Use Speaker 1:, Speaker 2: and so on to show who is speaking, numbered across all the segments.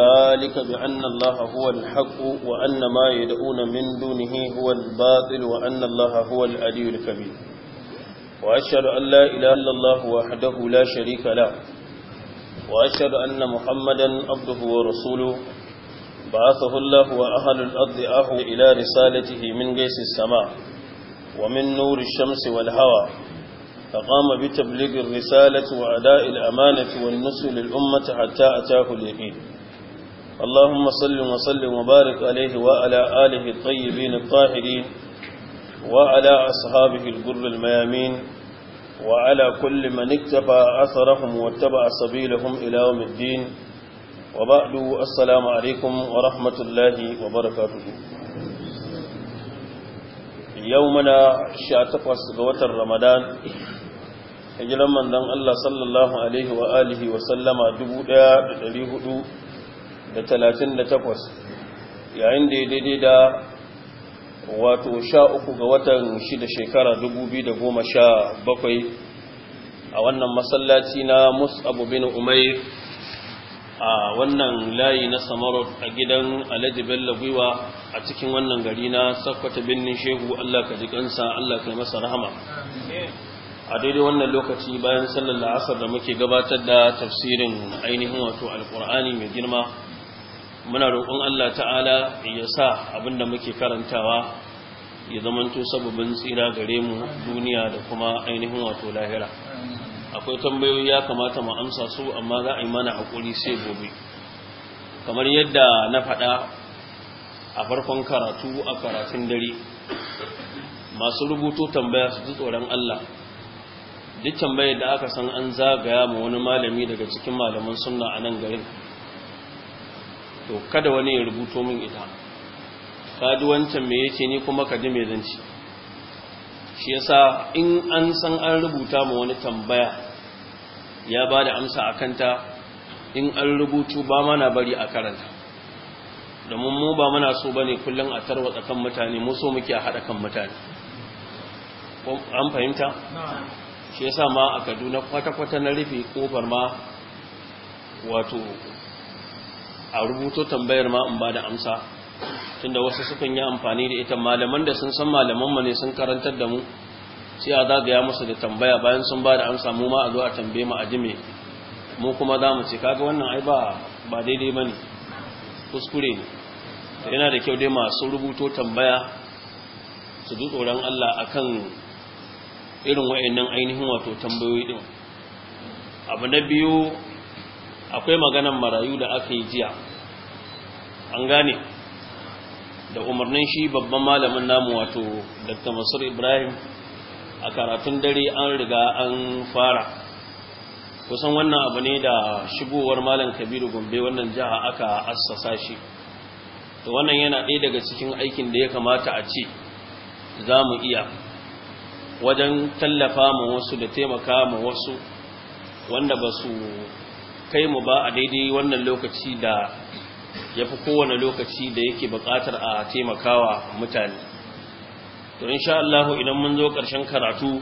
Speaker 1: ذلك بأن الله هو الحق وأن ما يدعون من دونه هو الباطل وأن الله هو العلي الكبير وأشهد أن لا إله إلا الله وحده لا شريك له وأشهد أن محمدا عبده ورسوله بعثه الله وأهل الأرض أهو إلى رسالته من قيس السماء ومن نور الشمس والهوى فقام بتبليغ الرسالة وأداء الأمانة والنسل للأمة حتى أتاه اليقين اللهم صل وسلم وبارك عليه وعلى آله الطيبين الطاهرين وعلى أصحابه الجر الميامين وعلى كل من اكتفى أثرهم واتبع سبيلهم إلى يوم الدين وبعد السلام عليكم ورحمة الله وبركاته يومنا شاتقوس قوة رمضان hijiran manzon Allah sallallahu alaihi wa alihi wa sallama 1400 da talatin da takwas yayin da ya daidai da wato sha uku ga watan shida shekara dubu biyu da goma sha bakwai a wannan masallaci na musabu bin umair a wannan layi na samarot a gidan alhaji bello gwiwa a cikin wannan gari na sakwata Birnin shehu allah ka ji kansa allah ka yi masa rahama a daidai wannan lokaci bayan sallar la'asar da muke gabatar da tafsirin ainihin wato alkur'ani mai girma muna roƙon Allah ta'ala ya sa abinda muke karantawa ya zamanto sababin tsira gare mu duniya da kuma ainihin wato lahira akwai tambayoyi ya kamata mu amsa su amma za a yi mana hakuri sai gobe kamar yadda na faɗa a farkon karatu a karatun dare masu rubuto tambaya su tsoron Allah duk tambayar da aka san an zagaya ma wani malami daga cikin malaman sunna a nan garin to kada wani ya rubuto min ita kadu wancan me yace ni kuma kaji me zanci shi yasa in an san an rubuta ma wani tambaya ya bada amsa akan ta in an rubutu ba mana bari a karanta domin mu ba muna so bane kullun a tarwatsa kan mutane mu so muke a hada kan mutane an fahimta shi yasa ma a Kaduna kwata-kwata na rufe kofar ma wato a rubuto tambayar ma in ba da amsa tunda wasu sukan yi amfani da ita malaman da sun san malaman mu ne sun karantar da mu sai a zagaya musu da tambaya bayan sun ba da amsa mu ma a zo a tambaye mu a jime mu kuma za mu ce kaga wannan ai ba ba daidai ba kuskure ne yana da kyau dai masu rubuto tambaya su ji tsoron Allah akan irin wa'annan ainihin wato tambayoyi din abu na biyu akwai maganan marayu da aka yi jiya an gane da umarnin shi babban malamin namu wato dr masar ibrahim a karatun dare an riga an fara kusan wannan abu ne da shigowar malam kabiru gombe wannan jiha aka assasa shi da wannan yana ɗaya daga cikin aikin da ya kamata a ce za mu iya wajen tallafa ma wasu da taimaka ma wasu wanda ba su kai mu ba a daidai wannan lokaci da ya fi kowane lokaci da yake buƙatar a taimakawa mutane to insha Allah idan mun zo ƙarshen karatu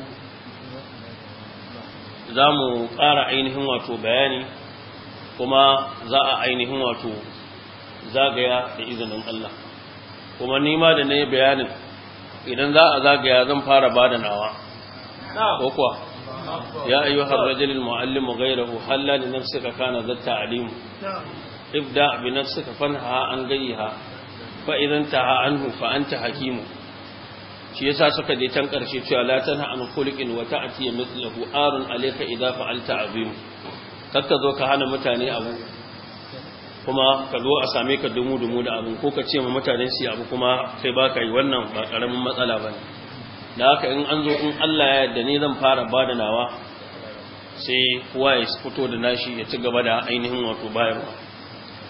Speaker 1: za mu ƙara ainihin wato bayani kuma za a ainihin wato zagaya da izinin Allah kuma nima da na yi bayanin idan za a zagaya zan fara ba da nawa ko kuwa ya ayyuhar rajulil muallimu ghayrahu halla li nafsika kana zatta alimu ibda bi nafsika fanha an gayyaha fa idan taha anhu fa anta hakimu shi yasa suka je can karshe cewa la tanha an khuliqin wa ta'ti mithluhu arun alayka idha fa'alta azim kakka zo ka hana mutane abu kuma ka zo a same ka dumu dumu da abin ko ka ce ma mutane su abu kuma kai ba ka yi wannan ba karamin matsala bane da haka in an zo in Allah ya yarda ni zan fara bada nawa sai kowa ya fito da nashi ya ci gaba da ainihin wato bayarwa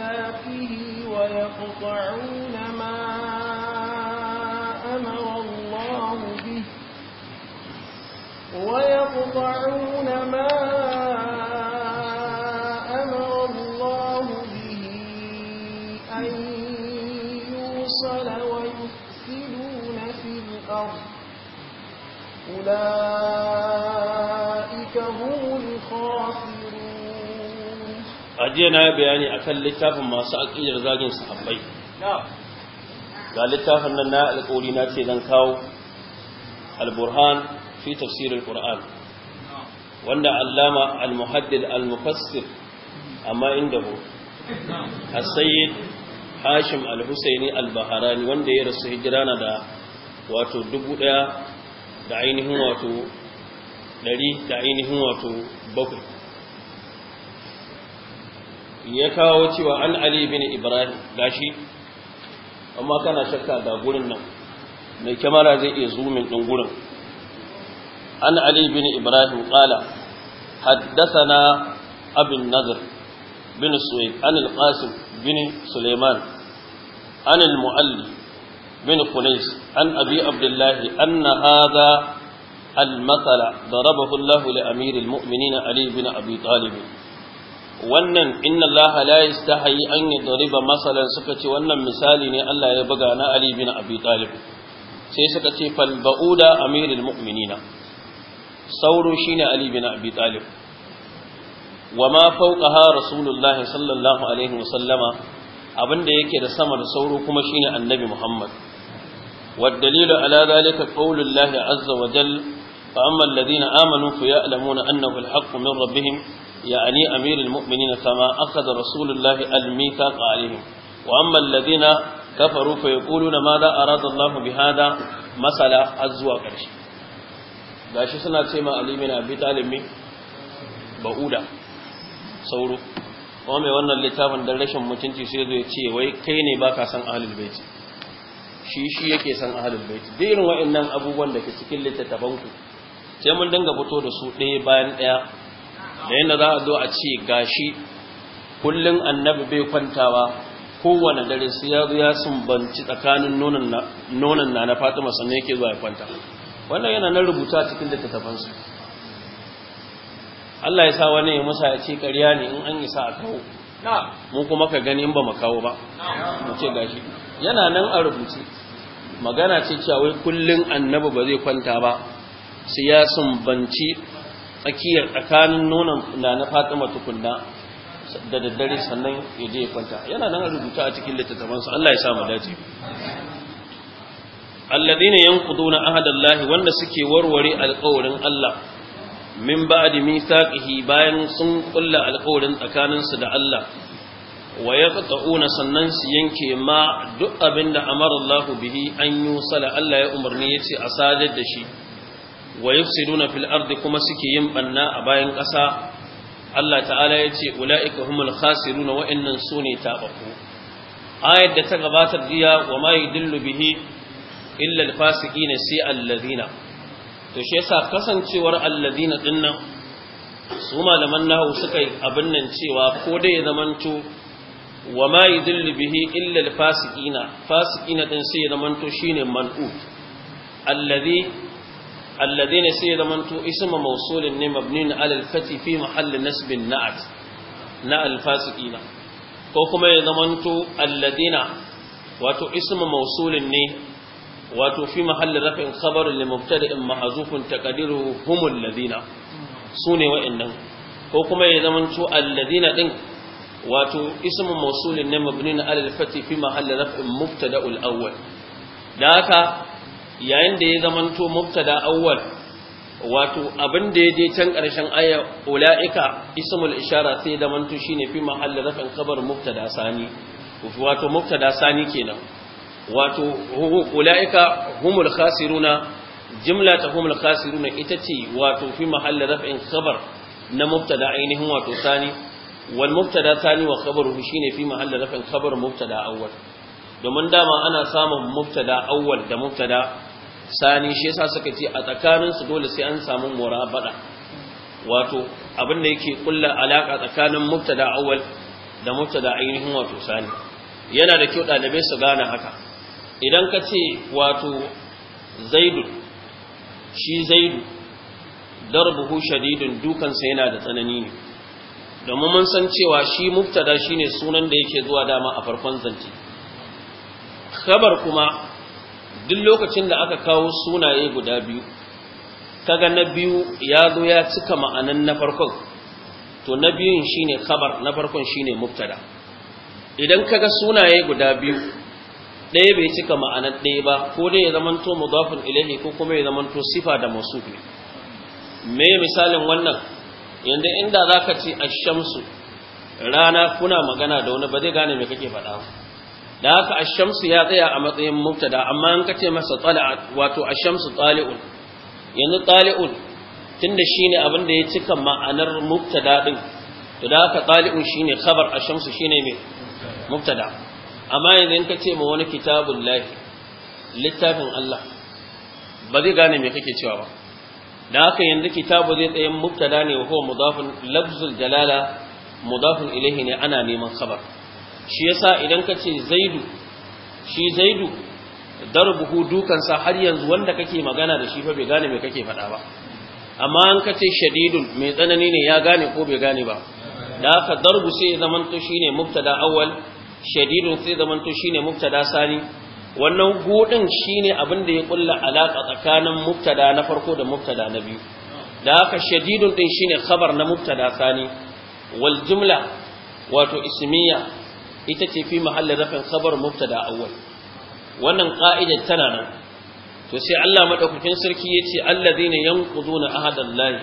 Speaker 2: أوساقه ويقطعون ما أمر الله به ويقطعون ما أمر الله به أن يوصل ويفسدون في الأرض أولئك
Speaker 1: ajiya na yi bayani a kan littafin masu aƙidar zagin sahabbai ga littafin nan na alƙawari na ce zan kawo al-burhan fi tafsirin Kur'an. wanda allama al-muhaddid al-mufassir amma indahu as-sayyid hashim al-husaini al-baharani wanda ya rasu hijira na da wato dubu ɗaya da ainihin wato ɗari da ainihin wato bakwai ya kawo cewa an ali bin ibrahim gashi amma kana shakka da gurin nan mai kyamara zai iya zumin ɗin gurin an ali bin ibrahim ƙala haddasana abin nazar bin suwaid an Qasim, bin suleiman an Mualli, bin kunais an abi abdullahi an na haza المثل ضربه الله لأمير المؤمنين علي بن أبي طالب wannan inna Allah la yastahi an yadriba masalan suka ce wannan misali ne Allah ya buga na Ali bin Abi Talib sai suka ce fal ba'uda amirul mu'minina sauro shine Ali bin Abi Talib wama fawqaha rasulullah sallallahu alaihi wasallama abinda yake da sama da sauro kuma shine annabi Muhammad والدليل على ذلك قول الله عز وجل فأما الذين آمنوا فيعلمون أنه الحق من ربهم يعني أمير المؤمنين كما أخذ رسول الله الميثاق عليهم وأما الذين كفروا فيقولون ماذا أراد الله بهذا مثلا أزوى قرش gashi suna ce ma Ali bin Abi Talib ba'uda sauro kuma mai wannan littafin dan rashin mutunci sai zo ya ce wai kai ne baka san ahlul shi shi yake san ahlul bait da irin wa'annan abubuwan da ke cikin littattafanku sai mun danga fito da su ɗaya bayan ɗaya da yadda za a zo a ce gashi kullum annabi bai kwantawa kowane dare su ya zo ya sumbanci tsakanin nonon na na fatima sannan yake zuwa ya kwanta wannan yana nan rubuta cikin littattafansu Allah ya sa wani ya musa ya ce ƙarya ne in an isa a kawo mu kuma ka gani in ba mu kawo ba mu ce gashi yana nan a rubuce magana ce cewa wai kullum annabi ba zai kwanta ba sai ya sumbanci tsakiyar tsakanin nonon na na fatima tukunna da daddare sannan ya je ya kwanta yana nan rubuta a cikin littattafansa Allah ya sa mu dace alladhina yanquduna ahadallahi wanda suke warware alƙawarin Allah min ba'di mithaqihi bayan sun kulla alƙawarin tsakaninsu da Allah wa yaqta'una sannan su yanke ma duk abinda amara Allah bihi an yusala Allah ya umarni yace a sadar da shi wa yufsiduna fil ardi kuma suke yin banna a bayan ƙasa Allah ta'ala ya ce ula'ika humul khasiruna wa'annan sune tabaku ayat da ta gabatar jiya wa ma yudillu bihi illa al fasiqina si alladhina to shi yasa kasancewar alladhina dinnan su malaman nahu suka yi abin nan cewa ko dai ya zamanto wa ma yudillu bihi illa al fasiqina fasiqina din sai ya zamanto shine man'u alladhi الذين سيدمنتو اسم موصول مبني على الفتح في محل نسب النعت na alfasiqina ko kuma ya zamanto alladina wato ismu mausulin ne wato fi mahalli rafin khabarin li mubtada'in ma'zufun taqdiruhu humul ladina sune wa'annan ko kuma ya zamanto alladina din wato ismu mausulin ne mabnin na alal fati fi mahalli rafin mubtada'ul awwal da haka yayin da ya zamanto mubtada awwal wato abin da ya je can ƙarshen aya ula'ika ismul ishara sai zamanto shine fi mahall rafin kabar mubtada sani wato mubtada sani kenan wato ula'ika humul khasiruna jimla ta humul khasiruna ita ce wato fi mahall rafin kabar na mubtada ainihin wato sani والمبتدا ثاني وخبره شيء في محل رفع خبر مبتدا اول domin dama ana samun mubtada awwal da mubtada sani shi yasa suka ce a tsakanin su dole sai an samu murabada wato abin da yake kulla alaka tsakanin mubtada awwal da mubtada ainihin wato sani yana da kyau dalibai su gane haka idan ka ce wato zaidu shi zaidu darbuhu shadidun dukansa yana da tsanani ne domin mun san cewa shi mubtada shine sunan da yake zuwa dama a farkon zance khabar kuma duk lokacin da aka kawo sunaye guda biyu kaga na biyu ya zo ya cika ma'anan na farkon to na biyun shine khabar na farkon shine mubtada idan kaga sunaye guda biyu ɗaya bai cika ma'anar ɗaya ba ko dai ya zamanto mudafin ilaihi ko kuma ya zamanto sifa da masu ne me misalin wannan yanda inda zaka ce ash-shamsu rana kuna magana da wani ba zai gane me kake faɗa ba da haka ashamsu ya tsaya a matsayin mubtada amma an kace masa tala'at wato ashamsu tsali'un. yanzu tsali'un tunda shine abin da ya cika ma'anar mubtada din to da haka tali'un shine khabar ashamsu shine me mubtada amma yanzu in kace ma wani kitabun lahi littafin Allah ba zai gane me kake cewa ba da haka yanzu kitabu zai tsaye mubtada ne wa huwa mudafun lafzul jalala mudafun ilayhi ne ana neman khabar shi yasa idan ka ce zaidu shi zaidu darbuhu dukansa har yanzu wanda kake magana da shi fa bai gane me kake faɗa ba amma an ka ce shadidun mai tsanani ne ya gane ko bai gane ba da aka darbu sai to shine mubtada awwal shadidun sai to shine mubtada sani wannan gudun shine abin da ya kulla alaka tsakanin mubtada na farko da mubtada na biyu da haka shadidun din shine khabar na mubtada sani wal jumla wato ismiya ita ce fi mahallin rafin khabar mubtada awwal wannan ƙa'idar tana nan to sai Allah madaukakin sarki yace allazina yanquduna ahadallahi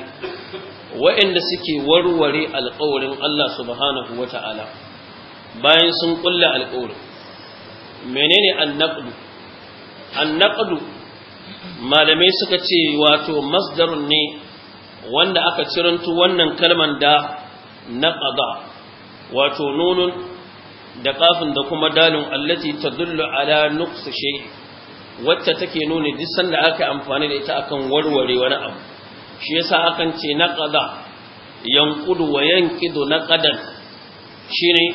Speaker 1: wa'anda suke warware alƙawarin Allah subhanahu wata'ala bayan sun kulla alƙawarin menene annaqdu annaqdu malamai suka ce wato masdarun ne wanda aka cirantu wannan kalman da naqada wato nunun da kafin da kuma dalin allati dullu ala nuqs shay wacce take nuni duk sanda aka amfani da ita akan warware wani abu shi yasa akan ce naqada yanqudu wa yanqidu naqadan shine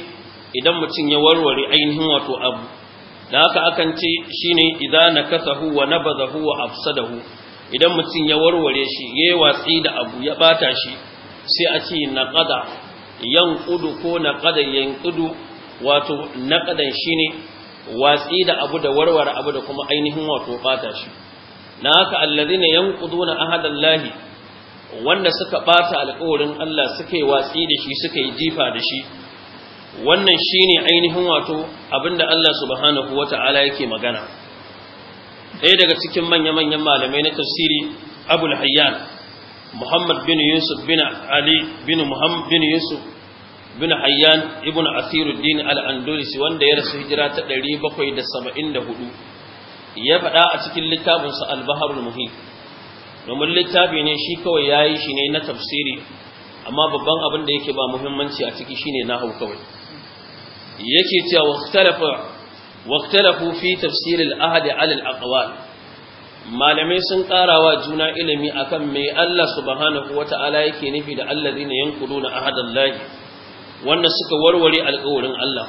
Speaker 1: idan mutum ya warware ainihin wato abu da haka akan ce shine idan nakasahu wa nabadahu wa afsadahu idan mutum ya warware shi yi watsi da abu ya bata shi sai a ce naqada yanqudu ko naqada yanqudu wato naqadan shine watsi da abu da warware abu da kuma ainihin wato bata shi na haka allazina yanquduna ahadallahi wanda suka ɓata alƙawarin Allah suka yi watsi da shi suka yi jifa da shi wannan shine ainihin wato abinda Allah subhanahu Ta'ala yake magana ɗaya daga cikin manya-manyan malamai na tafsiri Abul Hayyan Muhammad bin Yusuf bin Ali bin Muhammad bin Yusuf bin hayyan ibn asiruddin al-andalusi wanda ya rasu hijira ta 774 ya faɗa a cikin littafinsa al-baharul muhim domin littafi ne shi kawai yayi shi ne na tafsiri amma babban abin da yake ba muhimmanci a ciki shine hau kawai yake cewa waqtalafa waqtalafu fi tafsir al-ahd ala al-aqwal malamai sun karawa juna ilimi akan me Allah subhanahu wata'ala yake nufi da allazina yanquduna ahadallahi wanda suka warware alƙawarin Allah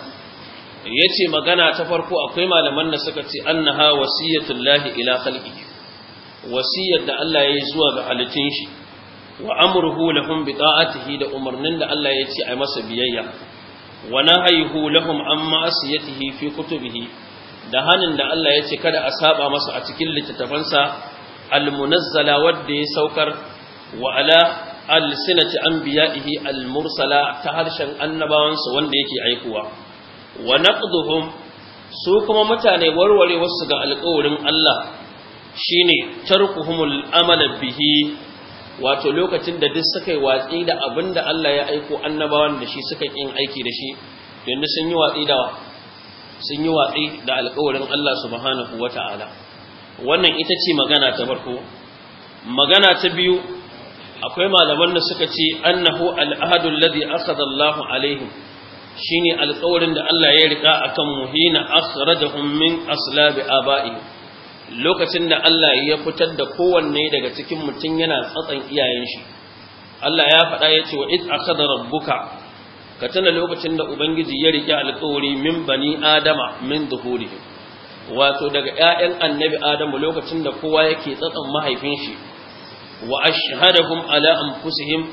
Speaker 1: yace magana ta farko akwai malaman da suka ce annaha wasiyatul lahi ila khalqihi wasiyar da Allah yayi zuwa ga halittun shi wa amurhu lahum bi ta'atihi da umarnin da Allah ya ce a masa biyayya wa nahayhu lahum amma asiyatihi fi kutubihi da hanin da Allah ya ce kada a saba masa a cikin littattafansa almunazzala wadda ya saukar wa ala alsinati anbiya'ihi almursala ta harshen annabawansu wanda yake aikuwa wa naqduhum su kuma mutane warware wasu ga alƙawarin Allah shine tarkuhumul amal bihi wato lokacin da duk suka yi watsi da abinda Allah ya aiko annabawan da shi suka yin aiki da shi yanzu sun yi watsi da sun yi watsi da alƙawarin Allah subhanahu wata'ala wannan ita ce magana ta farko magana ta biyu akwai malaman da suka ce annahu al'adun alladhi akhadha Allahu alaihim shine alƙawarin da Allah ya rika akan muhina akhrajahum min aslabi aba'i lokacin da Allah ya fitar da kowanne daga cikin mutum yana tsatsan iyayen shi Allah ya faɗa ya ce wa id akhadha rabbuka ka tana lokacin da ubangiji ya rike alƙawari min bani adama min zuhurihim wato daga ƴaƴan annabi adamu lokacin da kowa yake tsatsan mahaifin shi wa ashhadahum ala anfusihim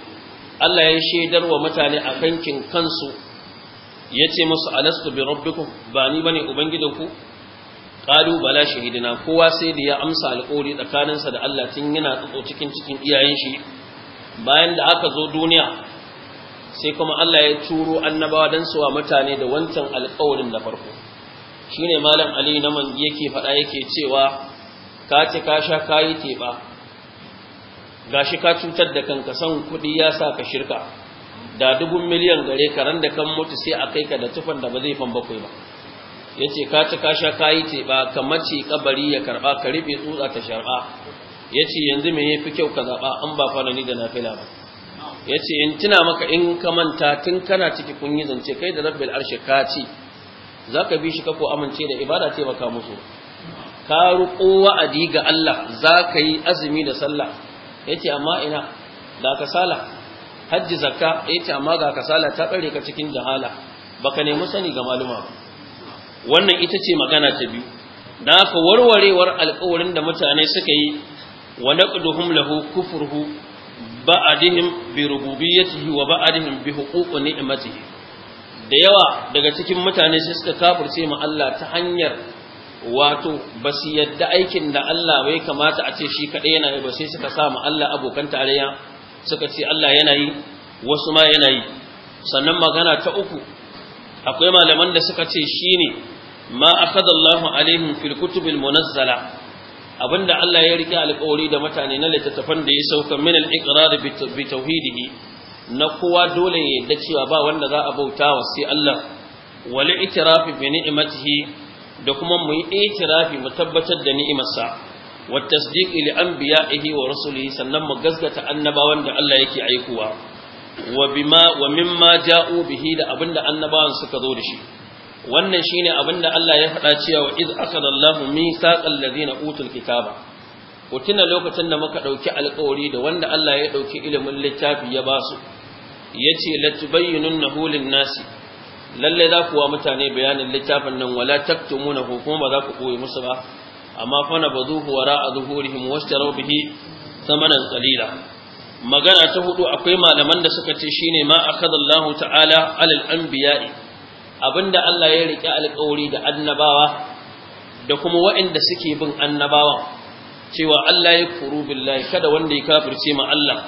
Speaker 1: Allah ya shaidar wa mutane a kankin kansu yace ce musu alastu bi rabbikum ba ni bane ubangijinku qalu bala shahidina kowa sai da ya amsa tsakanin sa da Allah tun yana tsotso cikin cikin iyayen shi bayan da aka zo duniya sai kuma Allah ya turo annabawa dan suwa mutane da wancan alƙawarin da farko shine malam Ali na mangi yake faɗa yake cewa ka ce ka sha kayi teba Ga shi ka cutar da kanka san kuɗi ya sa ka shirka da dubun miliyan gare ka ran da kan mutu sai a kai ka da tufan da ba zai fan bakwai ba Ya ce ka ci ka sha kayi teɓa ka mace kabari ya karɓa ka rufe tsutsa ta sharɓa ce yanzu me yafi kyau ka zaɓa an ba fara ni da na nafila ba ce in tuna maka in ka manta tun kana ciki kun yi zance kai da rabbil arshi ka ci Za ka bi shi ka ko amince da ibada taimaka musu ka ruƙo wa'adi ga Allah za ka yi azumi da sallah yace amma ina da kasala hajji zakka yace amma ga kasala ta bare ka cikin jahala baka nemi sani ga maluma wannan ita ce magana ta biyu da aka warwarewar alƙawarin da mutane suka yi wa naqduhum lahu kufruhu ba'adihim bi rububiyyatihi wa ba'adihim bi huquqi ni'matihi da yawa daga cikin mutane sai suka kafirce ma Allah ta hanyar wato ba su yadda aikin da Allah bai kamata a ce shi kaɗai yana yi ba sai suka sa Allah abokan tarayya suka ce Allah yana yi wasu ma yana yi sannan magana ta uku akwai malaman da suka ce shine ma akadallahu alaihim fil kutubil munazzala abinda Allah ya rike alƙawari da mutane na littattafan da ya sauka min al-iqrar bi tauhidihi na kowa dole ya yadda cewa ba wanda za a bauta wa sai Allah wal itirafi bi ni'matihi da kuma mu yi itirafi mu tabbatar da ni'imarsa wa tasdiqi li anbiya'ihi wa rusulihi sannan mu gazgata annabawan da Allah yake aikowa wa bima wa mimma ja'u bihi da abinda annabawan suka zo da shi wannan shine abinda Allah ya faɗa cewa id akhadallahu mithaqal ladina utul kitaba ku tuna lokacin da muka ɗauki alkawari da wanda Allah ya ɗauki ilimin littafi ya ba su yace latubayyinunnahu lin-nasi lalle za wa mutane bayanin littafin nan wala taktumuna ko kuma ba za ku koyi musu ba amma fa na bazuhu wara a zuhurihim washtaraw bihi thamanan qalila magana ta hudu akwai malaman da suka ce shine ma akhadha Allah ta'ala alal anbiya'i abinda Allah ya rike alƙawari da annabawa da kuma waɗanda suke bin annabawan cewa Allah ya kuru billahi kada wanda ya kafirce ma Allah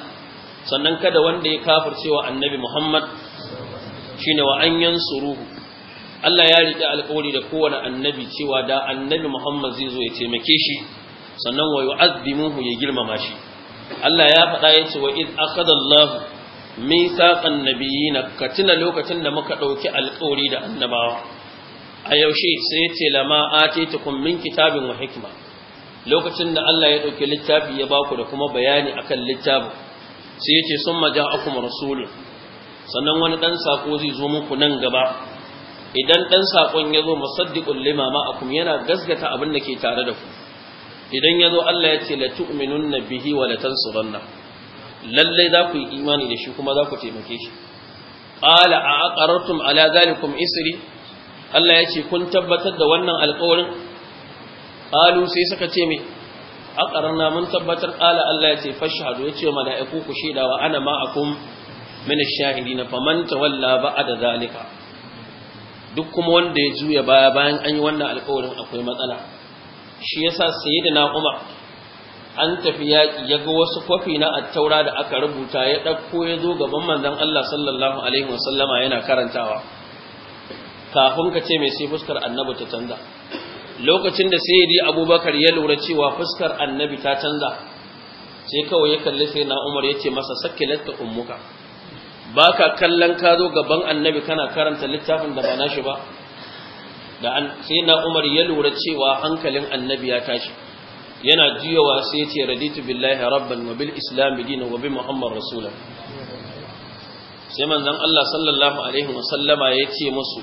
Speaker 1: sannan kada wanda ya kafirce wa annabi Muhammad shine wa an yansuruhu Allah ya riƙe alƙawari da kowane annabi cewa da annabi Muhammad zai zo ya taimake shi sannan wa yu'azzimuhu ya girmama shi Allah ya faɗa ya ce wa id akhadha Allah mithaqan nabiyina ka lokacin da muka ɗauki alƙawari da annabawa a yaushe sai ya ce lama atitukum min kitabin wa hikma lokacin da Allah ya ɗauki littafi ya baku da kuma bayani akan littafin sai ya ce summa ja'akum rasulun sannan wani dan sako zai zo muku nan gaba idan dan sakon ya zo musaddiqul lima ma'akum yana gasgata abin da ke tare da ku idan ya zo Allah ya ce la na bihi wa la tansuranna lalle za ku yi imani da shi kuma za ku taimake shi qala a aqarartum ala zalikum isri Allah ya ce kun tabbatar da wannan alƙawarin qalu sai suka ce me aqarna mun tabbatar qala Allah ya ce fashhadu ya ce mala'iku ku shaidawa ana ma'akum من الشاهدين فمن تولى بعد ذلك zalika duk kuma wanda ya juya baya bayan an yi wannan alƙawarin akwai matsala shi yasa sayyidina Umar an tafi yaƙi ya ga wasu kwafi na taura da aka rubuta ya ɗauko ya zo gaban manzon Allah sallallahu alaihi wasallama yana karantawa kafin ka ce mai sai fuskar annabi ta canza lokacin da sayyidi abubakar ya lura cewa fuskar annabi ta canza sai kawai ya kalli sai na umar ya ce masa sakkilatka ummuka ba ka kallon ka zo gaban annabi kana karanta littafin da ba nashi ba da sai na umar ya lura cewa hankalin annabi ya tashi yana jiyowa sai ya ce raditu billahi rabban wa bil islam dinan wa bi muhammad rasulan sai manzon Allah sallallahu alaihi wa sallama ya ce musu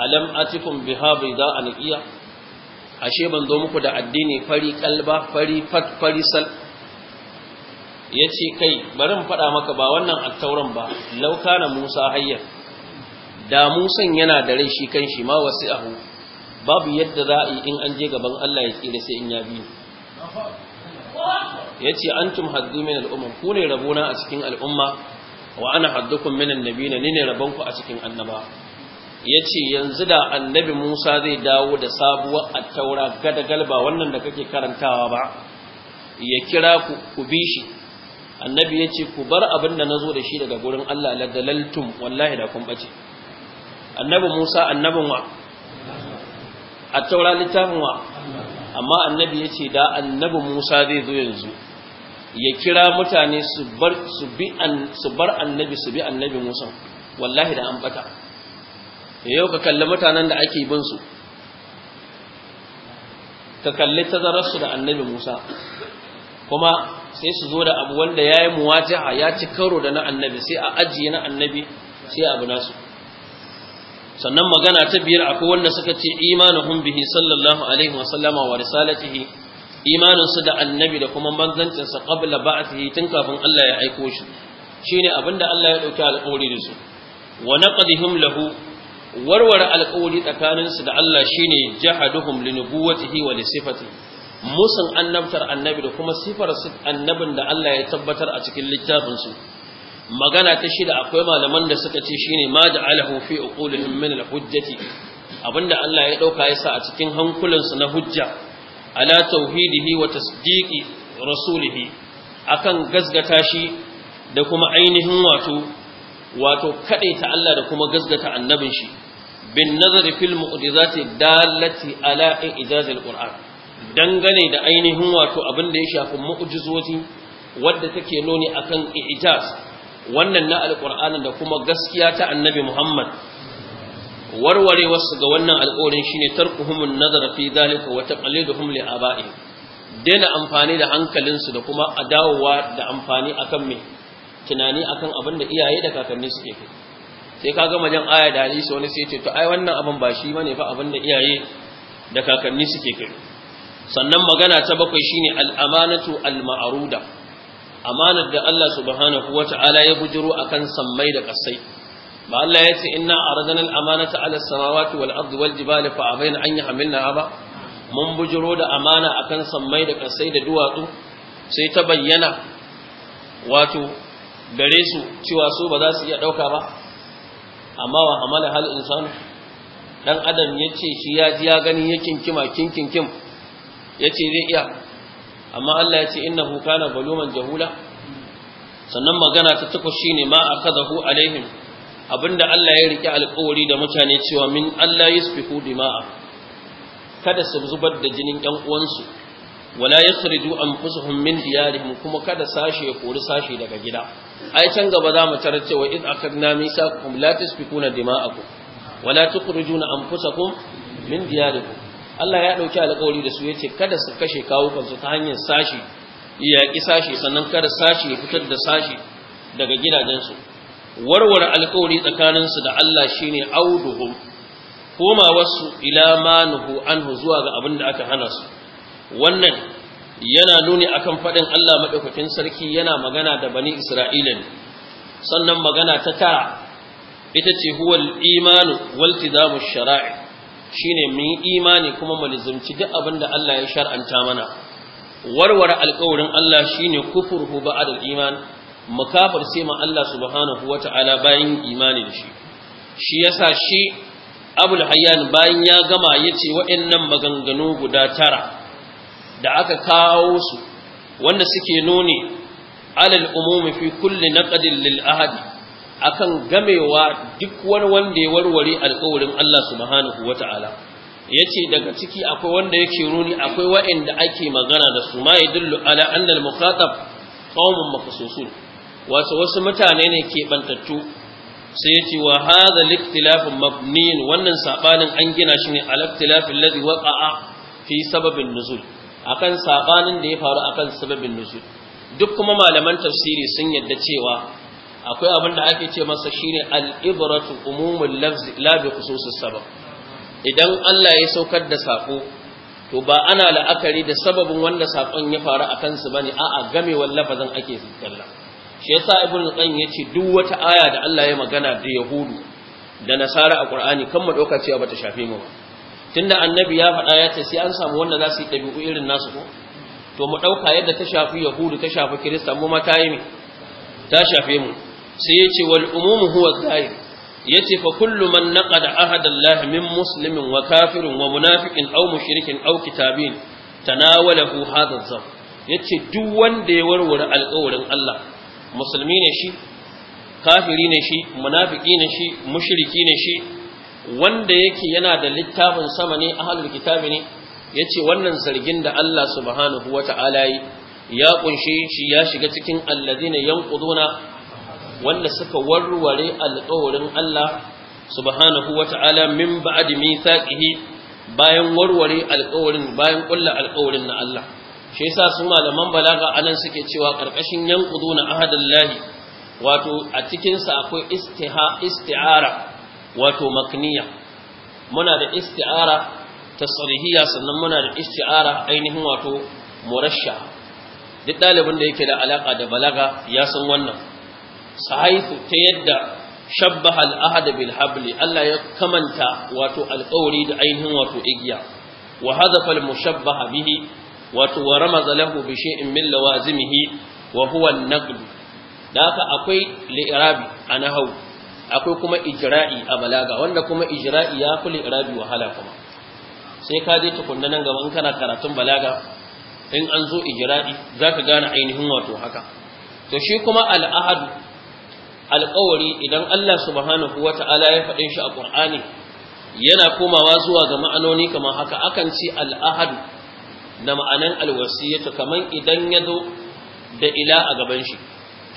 Speaker 1: alam atikum biha bida alqiya ashe ban zo muku da addini fari kalba fari fat fari sal ya ce kai bari faɗa maka ba wannan attauran ba lauka na musa hayyar da musan yana da rai shi kan shi ma wasu ahu babu yadda za a yi in an je gaban allah ya tsira sai in ya bi ni ya ce an tum haddu min al'umma ku ne rabona a cikin al'umma wa ana haddukun min annabi ne ne rabonku a cikin annaba ya ce yanzu da annabi musa zai dawo da sabuwar attaura gadagal ba wannan da kake karantawa ba ya kira ku ku bi shi annabi ya ce ku bar abin da na zo da shi daga gurin Allah la dalaltum wallahi da kun bace annabi Musa annabin wa a taura littafin wa amma annabi ya ce da annabi Musa zai zo yanzu ya kira mutane su bar su bi an su bar annabi su bi annabi Musa wallahi da an bata yau ka kalli mutanen da ake bin su ka kalli tazararsu da annabi Musa kuma sai su zo da abu wanda ya yi muwajaha ya ci karo da na annabi sai a ajiye na annabi sai abu nasu sannan magana ta biyar akwai wanda suka ce imanuhum bihi sallallahu alaihi wa sallama wa risalatihi imaninsu da annabi da kuma manzancinsa qabla ba'athihi tun kafin Allah ya aiko shi shine abinda Allah ya dauki alƙawari da su wa naqdihim lahu warware alƙawari tsakaninsu da Allah shine jahaduhum li nubuwwatihi wa li musun annabtar annabi da kuma sifar annabin da Allah ya tabbatar a cikin littafinsu magana ta shida akwai malaman da suka ce shine ma da alahu fi uqulihim min al-hujjati abinda Allah ya dauka yasa a cikin hankulansu na hujja ala tauhidihi wa tasdiqi rasulihi akan gazgata shi da kuma ainihin wato wato kadaita Allah da kuma gazgata annabin shi bin nazari fil mu'jizati dallati ala ijazil qur'an dangane da ainihin wato abin da ya shafi mu'jizoti wadda take nuni akan ijaz wannan na alqur'ani da kuma gaskiya ta annabi Muhammad warware wasu ga wannan alƙawarin shine an-nazar fi zalika wa taqliduhum li aba'i daina amfani da hankalinsu da kuma adawowa da amfani akan me tunani akan abin da iyaye da kakanni suke kai sai ka majan jan aya da hadisi wani sai ce to ai wannan abin ba shi bane fa abin da iyaye da kakanni suke kai sannan magana ta bakwai shine al-amanatu al amanar da Allah subhanahu wata'ala ya bujiro akan sammai da kasai ba Allah ya ce inna aradana al-amanata ala as-samawati wal ardi wal jibali fa abaina an yahmilnaha ba mun bujiro da amana akan sammai da kasai da duwatsu sai ta bayyana wato gare su cewa su ba za su iya ɗauka ba amma wa amala hal insanu dan adam yace shi ya ji ya gani yakin kima kinkin kim. ya ce zai iya amma Allah ya ce innahu kana baluman jahula sannan magana ta takwas shine ma akadahu alaihim abinda Allah ya rike alƙawari da mutane cewa min Allah yasfiku dima'a kada su zubar da jinin ƴan uwansu wala yakhriju anfusuhum min diyarihim kuma kada sashe ya kori sashe daga gida ai can gaba za mu tarar cewa id akadna misakum la tasfikuna dima'akum wala tukhrijuna anfusakum min diyarikum Allah ya ɗauki alƙawari da su ya ce kada su kashe kawukansu ta hanyar sashi ya sashe, sashi sannan kada sashi ya fitar da sashi daga gidajensu warware alƙawari tsakaninsu da Allah shine auduhum koma ila ma anhu zuwa ga abin da aka hana su wannan yana nuni akan faɗin Allah maɗaukakin sarki yana magana da bani Isra'ila ne sannan magana ta tara ita ce huwal imanu waltizamu shara'i shine mun yi imani kuma mu lizumci duk abin da Allah ya shar'anta mana warware alƙawarin Allah shine kufurhu ba'd al-iman mukafir sai ma Allah subhanahu wata'ala bayan imani da shi shi yasa shi Abul Hayyan bayan ya gama yace waɗannan maganganu guda tara da aka kawo su wanda suke nuni alal umumi fi kulli naqdin lil ahadi akan gamewa duk wani wanda ya warware alƙawarin Allah subhanahu wata'ala yace daga ciki akwai wanda yake runi akwai wa'anda ake magana da su ma yadullu ala anna al-muqatab qaumun mafsusun wasu wasu mutane ne ke bantattu sai yace wa hadha al-ikhtilaf mabniin wannan sabanin an gina shi ne al-ikhtilaf alladhi waqa'a fi sababin nuzul akan sabanin da ya faru akan sababin nuzul duk kuma malaman tafsiri sun yadda cewa akwai abin da ake ce masa shine al-ibratu umumul lafzi la bi khususis sabab idan Allah ya saukar da sako to ba ana la'akari da sababin wanda sakon ya faru a kansu bane a'a gamewar lafazin ake kalla shi yasa ibn qayyim yace duk wata aya da Allah ya magana da yahudu da nasara a qur'ani kan mu cewa bata shafe mu ba tunda annabi ya faɗa ya ce sai an samu wanda za su yi ɗabi'u irin nasu ko to mu ɗauka yadda ta shafi yahudu ta shafi kirista mu ma ta yi ta shafe mu sai ya ce wal huwa zahir ya ce fa kullum man naqada ahada Allah min wa kafirin wa munafikin au mushrikin aw kitabin tanawalahu hadha Ya yace duk wanda ya warware alƙawarin Allah musulmi ne shi kafiri ne shi munafiki ne shi mushiriki ne shi wanda yake yana da littafin sama ne ahlul kitabi ne yace wannan zargin da Allah subhanahu wata'ala yi ya kunshi shi ya shiga cikin alladhina yanquduna wanda suka warware alƙawarin Allah subhanahu wata'ala min ba'd mithaqihi bayan warware alƙawarin bayan ƙulla alƙawarin na Allah shi yasa su malaman balaga anan suke cewa karkashin yanquduna ahadallahi wato a cikin sa akwai istiha isti'ara wato makniya muna da isti'ara tasrihiya sannan muna da isti'ara ainihin wato murashsha duk ɗalibin da yake da alaƙa da balaga ya san wannan Sahaifu ta yadda shabbaha al'ahada bil habli Allah ya kamanta wato alƙawari da ainihin wato igiya wa hadafa al mushabbaha bihi wato wa ramaza lahu bi shay'in min lawazimihi wa huwa an-naqd haka akwai li'rabi a nahwu akwai kuma ijra'i a balaga wanda kuma ijra'i ya fi li'rabi wahala kuma sai ka je tukunna nan gaban kana karatun balaga in an zo ijra'i zaka gane ainihin wato haka to shi kuma al'ahadu alƙawari idan Allah subhanahu Ta'ala ya faɗe shi a ƙur'ani, yana komawa zuwa ga ma'anoni kamar haka akan ce al'ahadu na ma'anan alwasiyatu kamar idan ya zo da ila a gaban shi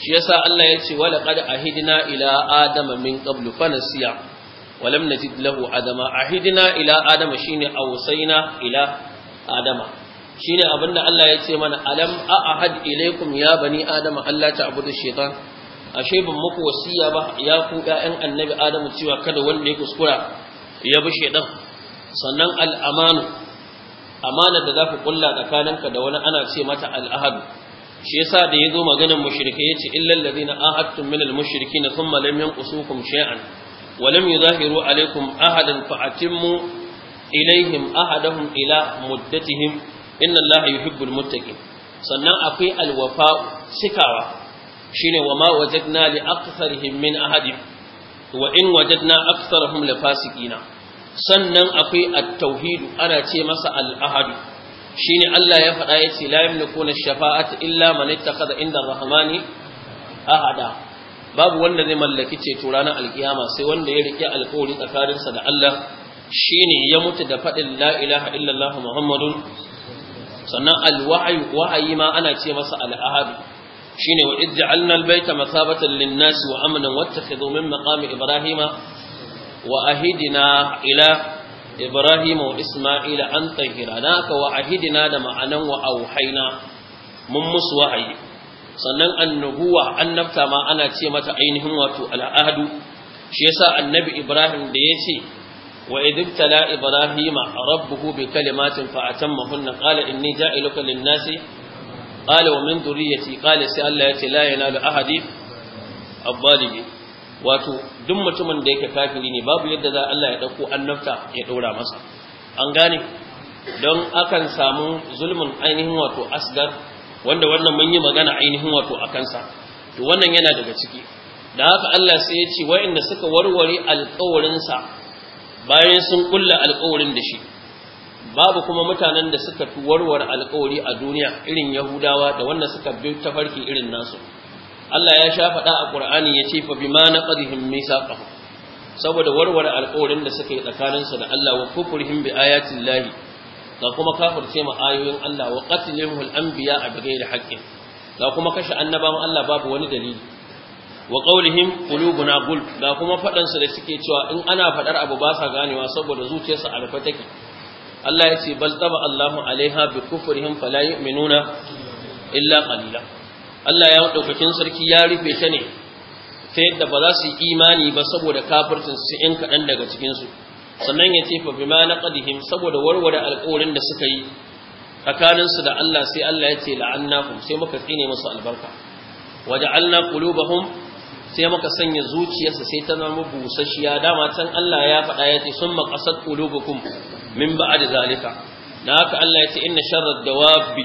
Speaker 1: shi yasa Allah ya ce wala qad ahidna ila adama min qablu fanasiya walam najid lahu adama ahidna ila adama shine awsayna ila adama shine abinda Allah ya ce mana alam a ahad ilaikum ya bani adama Allah ta abudu shaitan ashe ban muku wasiya ba ya ku ƴaƴan annabi adamu cewa kada wanda ya kuskura ya bi shedan sannan al'amanu amana da za kulla tsakaninka da wani ana ce mata al'ahadu shi yasa da yazo maganar mushrike yace illal ladina ahadtum minal mushrikin thumma lam yanqusukum shay'an wa lam yuzahiru alaykum ahadan fa atimmu ilaihim ahadahum ila muddatihim inna allaha yuhibbul muttaqin sannan akwai alwafa sikawa. shine wa ma wajadna li aktharihim min ahadin wa in wajadna aktharahum la fasiqina sannan akwai at-tauhid ana ce masa al-ahad shine Allah ya faɗa yace la yamlikuna shafaata illa man ittakhadha inda ar-rahmani ahada babu wanda zai mallaki ceto ranar alkiyama sai wanda ya rike alƙawari tsakaninsa da Allah shine ya mutu da faɗin la ilaha illallah muhammadun sannan al wahayi ma ana ce masa al-ahad shine wa ij'alna al-baita masabatan lin-nasi wa amnan wattakhidhu min maqami ibrahima wa ahidina ila ibrahima wa isma'ila an tahira naka wa ahidina da ma'anan wa auhayna mun musu wahayi sannan annubuwa annabta ma ana ce mata ainihin wato al'adu. shi yasa annabi ibrahim da yace wa idibtala ibrahima rabbuhu bi kalimatin fa atammahunna qala inni ja'iluka lin-nasi قال ومن ذريتي قال سي الله Allah ya ce احد yanalu ahadi abbaligi wato duk mutumin da yake kafiri ne babu yadda za Allah ya dauko annabta ya daura masa an gane don akan samu zulmin ainihin wato asgar wanda wannan mun yi magana ainihin wato akan sa to wannan yana daga ciki da haka Allah sai ya ce wa'inda suka warware sa bayan sun kulla alƙawarin da shi babu kuma mutanen da suka fi warware alkawari a duniya irin yahudawa da wannan suka bi tafarki irin nasu Allah ya sha faɗa a Qur'ani ya ce fa bima naqadhihim misaqah saboda warware alkawarin da suka yi tsakaninsu da Allah wa kufrihim bi ayatin lahi kuma kafirce ma ayoyin Allah wa qatlihim anbiya a bighairi haqqin Ga kuma kashe annabawan Allah babu wani dalili wa qawlihim qulubuna gul Ga kuma faɗansu da suke cewa in ana faɗar abu ba sa ganewa saboda zuciyarsu alfa take Allah ya ce bal taba Allahu alaiha bi kufrihim fala yu'minuna illa qalila Allah ya daukakin sarki ya rufe ta ne ta yadda ba za su yi imani ba saboda kafircin su in kaɗan daga cikin su sannan ya ce fa bima naqadihim saboda warware alƙawarin da suka yi tsakanin su da Allah sai Allah ya ce la'annahum sai muka tsine musu albarka waja'alna qulubahum sai muka sanya zuciyarsa sai ta zama busasshiya dama can Allah ya faɗa ya ce summa qasat qulubukum min da zalika Na haka Allah ya ce inna da wabi.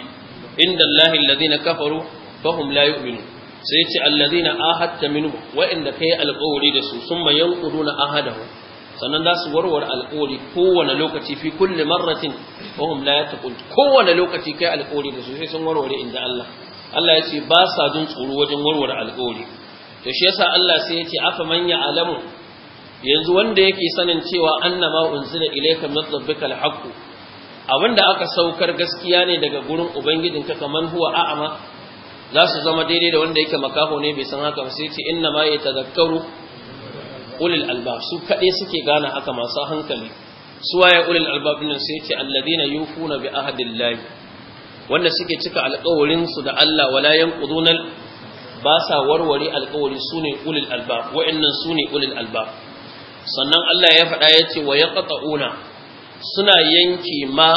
Speaker 1: inda Allah alladhina kafaru fahim la yu'minun sai ya ce alladhina ahadta minhum wa inda kai alƙawari da su sun summa yanquduna ahadahu sannan za su warware alƙawari kowane lokaci fi kulli marratin fahim hum la yattaqun kowane lokaci kai alƙawari da su sai sun warware inda Allah Allah ya ce ba sa jin tsoro wajen warware alƙawari to shi yasa Allah sai ya ce afa man alamu? yanzu wanda yake sanin cewa annama unzila ilayka min rabbikal haqq abinda aka saukar gaskiya ne daga gurin ka kaman huwa a'ama za su zama daidai da wanda yake makaho ne bai san haka sai ce inna yatadhakkaru ulul albab su kade suke gane haka masu hankali su waye ulul albab din sai ce alladina yufuna bi ahdillahi wanda suke cika alƙawarin su da Allah wala yanqudunal ba sa warware alƙawari sune ulil albab wa'annan sune ulil alba. sannan Allah ya faɗa yace wa yaqta'una suna yanke ma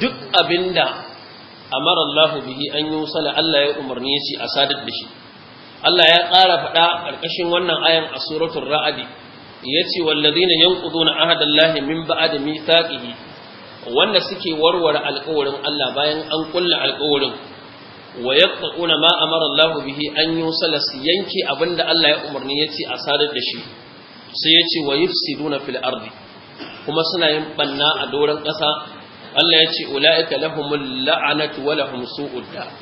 Speaker 1: duk abinda amara Allahu bihi an yusala Allah ya umarni shi a sadar da shi Allah ya ƙara faɗa ƙarƙashin wannan ayan a suratul ra'd yace wallazina yanquduna ahadallahi min ba'di mithaqihi wanda suke warware alƙawarin Allah bayan an kulla alƙawarin wa yaqta'una ma amara Allah bihi an yusala yanke abinda Allah ya umarni yace a sadar da shi sai yace wa yufsiduna fil ardi kuma suna yin banna a doron ƙasa Allah yace ulaika lahumul la'anatu wa lahum su'ud da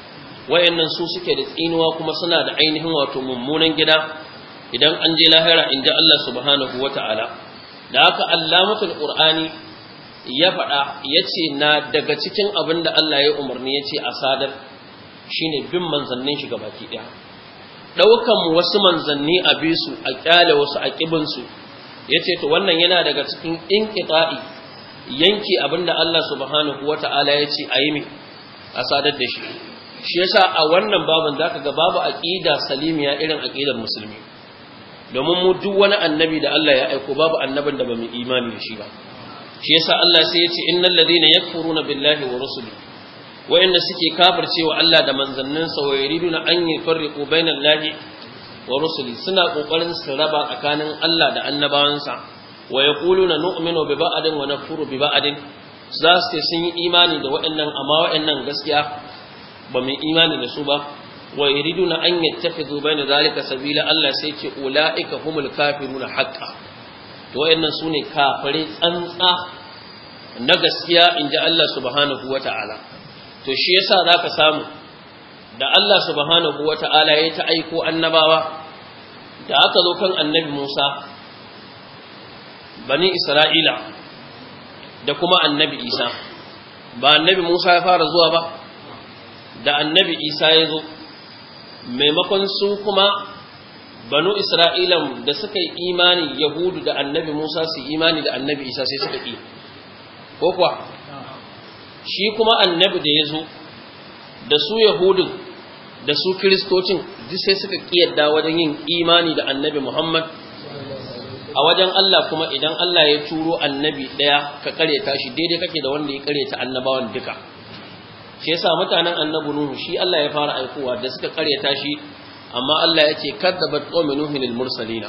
Speaker 1: wayannan su suke da tsinuwa kuma suna da ainihin wato mummunan gida idan an je lahira ji Allah subhanahu wata'ala da haka allamatul qur'ani ya faɗa yace na daga cikin abin da Allah ya umarni yace a sadar shine bin manzannin shi gabaki daya daukan wasu manzanni a bisu a kyale wasu a ƙibinsu. Ya ce ta wannan yana daga cikin inqita'i yanki abinda Allah subhanahu wata'ala yace yi mi a sadar da shi shi yasa a wannan babin zaka ga babu aqida salimiya irin aqidar musulmi domin mu duk wani annabi da Allah ya aiko babu annabin da bamu imani da shi ba shi yasa Allah sai ya ce yace innal ladina yakfuruna billahi wa rusulihi wayanda suke kafircewa Allah da manzanninsa wa yuriduna an yufarriqu bainal wa rusuli suna kokarin su raba tsakanin Allah da annabawansa wa yaquluna nu'minu bi ba'din wa nakfuru bi ba'din za su ce sun yi imani da waɗannan amma waɗannan gaskiya ba mu imani da su ba wa yuriduna an yattakhidhu baina zalika sabila Allah sai ce ulaika humul kafiruna haqqan to waɗannan sune kafare tsantsa na gaskiya inji Allah subhanahu wata'ala to shi yasa zaka samu da Allah subhanahu wata'ala ya ta aiko annabawa da aka zo kan annabi Musa bani Isra'ila da kuma annabi Isa ba annabi Musa ya fara zuwa ba da annabi Isa ya zo maimakon su kuma banu Isra'ila da suka yi imani yahudu da annabi musa su imani da annabi isa sai suka yi. ko kuwa shi kuma annabi da ya zo da su yahudin da su kiristocin duk sai suka kiyarda wajen yin imani da annabi muhammad a wajen Allah kuma idan Allah ya turo annabi ɗaya, ka kareta shi daidai kake da wanda ya kareta annabawan duka shi yasa mutanen annabi nuhu shi Allah ya fara aikowa da suka kareta shi amma Allah ya ce kadzabat qaumun nuhin al mursalina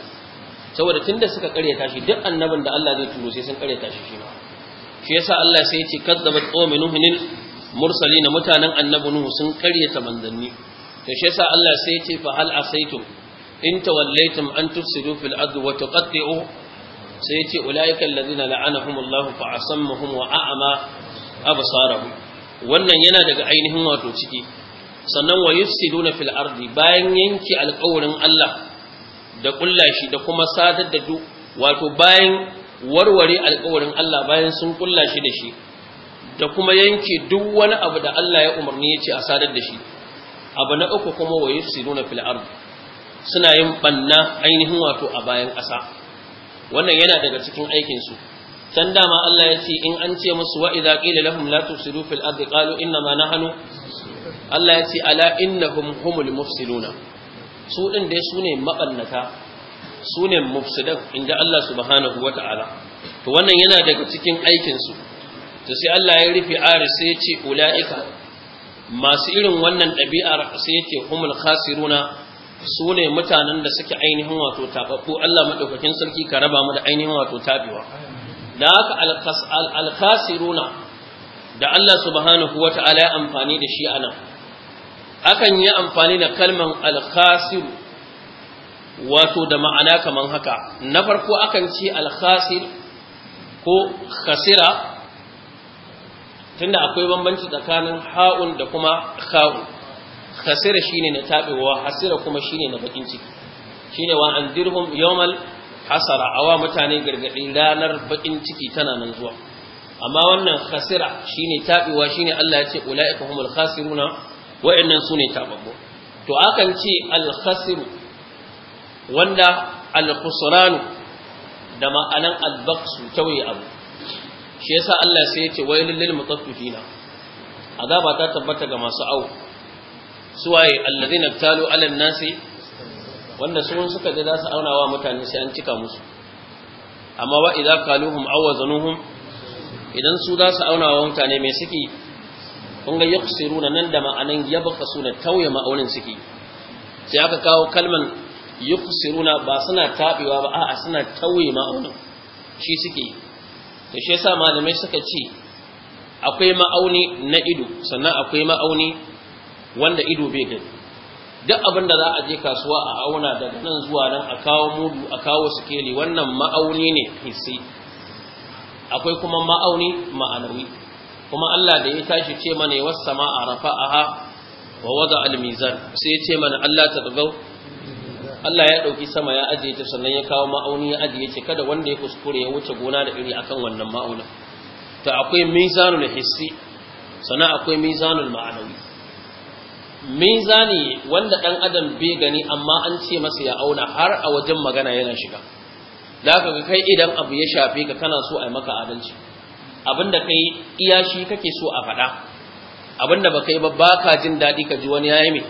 Speaker 1: saboda tunda suka kareta shi duk annabin da Allah zai turo sai sun kareta shi shi ma shi yasa Allah sai ya ce kadzabat qaumun nuhin mursalina mutanen annabi nuhu sun ta manzanni to shi yasa Allah sai ya ce fa hal asaitum in tawallaytum an tufsidu fil ardi wa tuqatti'u sai ya ce ulaika alladhina la'anahumullahu fa asammahum wa a'ama absarahum wannan yana daga ainihin wato ciki sannan wa yufsiduna fil ardi bayan yanki alƙawarin Allah da kullashi da kuma sadar da duk wato bayan warware alkawarin Allah bayan sun kulla shi da shi da kuma yanke duk wani abu da Allah ya umarni ya ce a sadar da shi abu na uku kuma wa su fil ard suna yin banna ainihin wato a bayan ƙasa wannan yana daga cikin aikin su can dama Allah ya ce in an ce musu wa idza qila lahum la tufsidu fil ardi qalu inna ma nahnu Allah ya ce ala innahum humul mufsiluna su din dai sune mabannata su ne mufsidan ji Allah subhanahu wa ta'ala to wannan yana daga cikin aikinsu to sai Allah ya rufe ari sai ce ula'ika masu irin wannan ɗabi'ar sai ce humul khasiruna su ne mutanen da suke ainihin wato tafafu Allah maɗaukakin sarki ka raba mu da ainihin wato tabewa da haka alkhasiruna da Allah subhanahu wa ta'ala ya amfani da shi a nan. akan yi amfani da kalman alkhasiru wato da ma'ana kaman haka na farko akan ce alkhasir ko khasira tunda akwai bambanci tsakanin ha'un da kuma kha'un khasira shine na tabewa hasira kuma shine na bakin ciki shine wa andirhum yawmal hasara awa mutane gargadi ranar bakin ciki tana nan zuwa amma wannan khasira shine tabewa shine Allah ya ce ulaika humul khasiruna wa'annan sune tababbu to akan ce al khasiru wanda al da ma'anan al-baqsu kawai abu shi yasa Allah sai ya ce wailul lil mutaffifina azaba ta tabbata ga masu au suwaye alladhina talu ala nasi wanda sun suka ji za su auna wa mutane sai an cika musu amma wa idza qaluhum aw wazanuhum idan su za su auna wa mutane mai suke kun ga yaqsiruna nan da ma'anan yabqasuna tauye ma'aunin suke sai aka kawo kalman yukusiruna ba suna taɓewa ba a'a suna tauye ma'aunin shi suke to shi yasa malamai suka ce akwai ma'auni na ido sannan akwai ma'auni wanda ido bai gani duk abin da za a je kasuwa a auna daga nan zuwa nan a kawo mudu a kawo sikeli wannan ma'auni ne kai akwai kuma ma'auni ma'anawi kuma Allah da ya tashi ce mana yawas a rafa'aha wa wada almizan sai ya ce mana Allah ta dagau Allah ya ɗauki sama ya ajiye ta sannan ya kawo ma'auni ya ajiye ce kada wanda ya kuskure ya wuce gona da iri akan wannan ma'aunin to akwai mizanul hissi sannan akwai mizanul ma'anawi mizani wanda ɗan adam bai gani amma an ce masa ya auna har a wajen magana yana shiga da ka kai idan abu ya shafe ka kana so a yi maka adalci abinda kai iya shi kake so a faɗa abinda baka yi ba baka jin daɗi ka ji wani yayi mai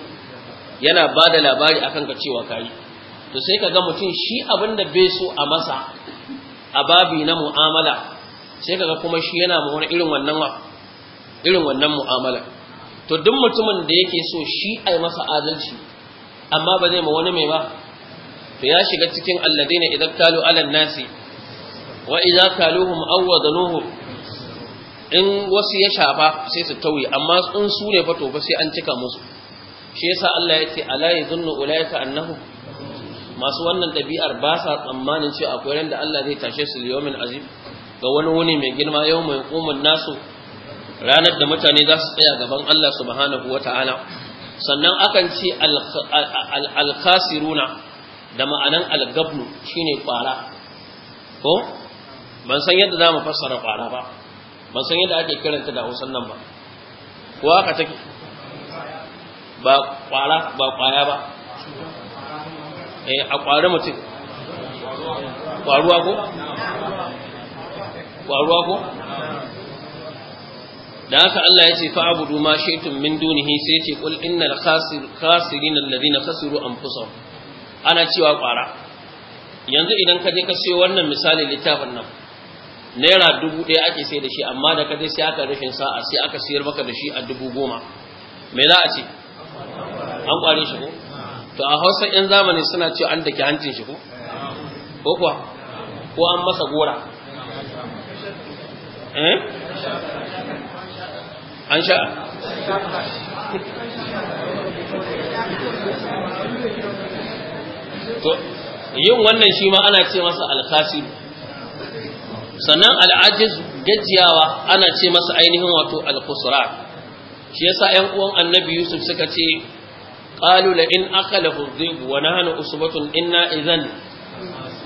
Speaker 1: yana ba da labari akan ka cewa kayi to sai ka ga mutum shi abin da bai so a masa a babi na mu'amala sai ka ga kuma shi yana mawana irin wannan mu'amala to duk mutumin da yake so shi a yi masa adalci amma ba zai ma wani mai ba to ya shiga cikin na idan kalu alan nasi wa idza kaluhum da Nuhu, in wasu ya shafa sai su tauye amma in su ne fa sai an cika musu shi yasa Allah ya ce ala zunnu ulaika annahum masu wannan dabi'ar ba sa tsammanin cewa akwai ran Allah zai tashe su liyomin azim ga wani wuni mai girma yau mai umun nasu ranar da mutane za su tsaya gaban Allah subhanahu wa ta'ala sannan akan ce alkhasiruna da ma'anan algabnu shine kwara ko ban san yadda za mu fassara kwara ba ban san yadda ake kiranta da hausan nan ba ko haka take ba kwara ba kwaya ba Eh, a ƙwari mutum
Speaker 2: ƙwaruwa ko ƙwaruwa ko
Speaker 1: da haka Allah ya ce fa abudu ma shaitun min dunihi sai ce qul innal khasirina alladhina khasiru anfusahum ana cewa ƙwara yanzu idan ka je ka sayo wannan misalin littafin nan naira dubu ɗaya ake sai da shi amma da ka je sai aka rashin sa'a sai aka sayar maka da shi a dubu goma me za a ce an ƙware shi ko to a hausa yan zamani suna cewa an dake hancin shi ko ko kuwa ko an masa gora
Speaker 2: eh an sha
Speaker 1: to yin wannan shi ma ana ce masa alkasi sannan al'ajiz gajiyawa ana ce masa ainihin wato alkusura shi yasa ƴan uwan annabi yusuf suka ce Ƙalula in akhalahu dhib wa nahnu usbatun inna idhan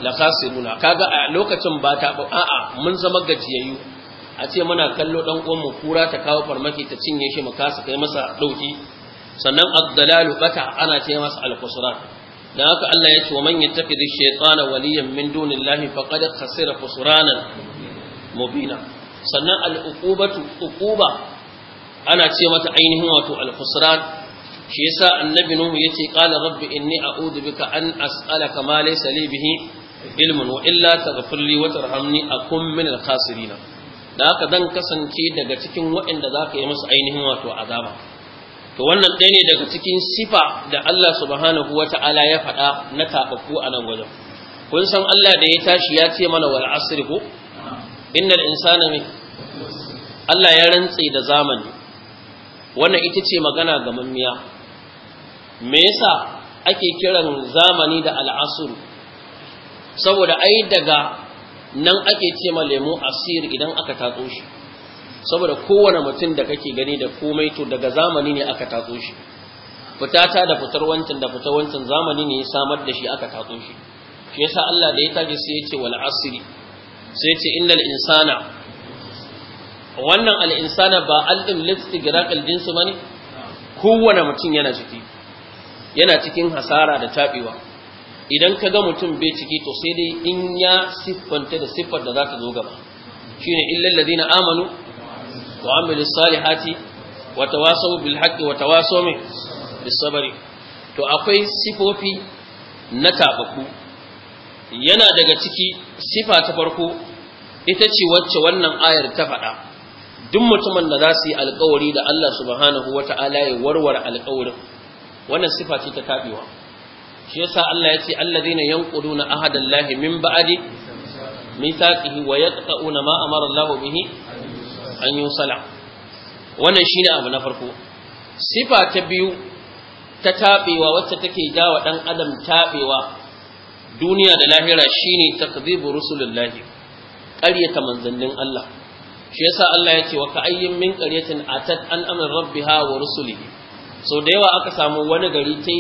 Speaker 1: la khasiruna kaga a lokacin ba ta a'a mun zama gajiyayyu a ce muna kallo ɗan uwan mu kura ta kawo farmaki ta cinye shi mu kasa kai masa ɗauki? sannan ad-dalalu bata ana ce masa al-khusran dan haka Allah ya ce wa man yattakhidhi shaytana waliyan min dunillahi faqad khasira khusranan mubina sannan al-uqubatu uquba ana ce mata ainihin wato al shi yasa annabi nuhu yace qala rabbi inni a'udhu bika an as'alaka ma laysa li bihi ilmun wa illa taghfir li wa tarhamni akun min al-khasirin da haka dan kasance daga cikin waɗanda zaka yi musu ainihin wato azaba to wannan ɗaya ne daga cikin sifa da Allah subhanahu Ta'ala ya faɗa na tababbu a nan wajen kun san Allah da ya tashi ya ce mana wal asri ko innal insana min Allah ya rantse da zamani wannan ita ce magana ga mammiya me yasa ake kiran zamani da al'asuru saboda ai daga nan ake ce ma lemu asir idan aka tatso shi saboda kowane mutum da kake gani da komai to daga zamani ne aka tatso shi fitata da fitar wancan da fitar wancan zamani ne ya samar da shi aka tatso shi shi yasa Allah da ya tage sai ya ce wal asri sai ya ce innal insana wannan al insana ba al din listighraq al jinsu bane kowane mutum yana ciki yana cikin hasara da taɓewa idan ka ga mutum bai ciki to sai dai in ya siffanta da siffar da za ta zo gaba shine illal na amanu wa amilu salihati wa tawasaw bil haqqi wa tawasaw bis sabri to akwai sifofi na tabaku yana daga ciki sifa ta farko ita ce wacce wannan ayar ta faɗa duk mutumin da za su yi alƙawari da Allah subhanahu wata'ala ya warware alƙawarin wannan sifa ce ta kabewa shi yasa Allah ya ce allazina na ahadallahi min ba'di mithaqihi wa yaqta'una ma amara Allah bihi an yusala wannan ne abu na farko sifa ta biyu ta taɓewa, wacce take jawa ɗan adam taɓewa duniya da lahira shine takdhibu rusulullahi qaryata manzannin Allah shi yasa Allah ya ce wa ka'ayyin min a atat an amr rabbiha wa rusulihi so da yawa aka samu wani gari ta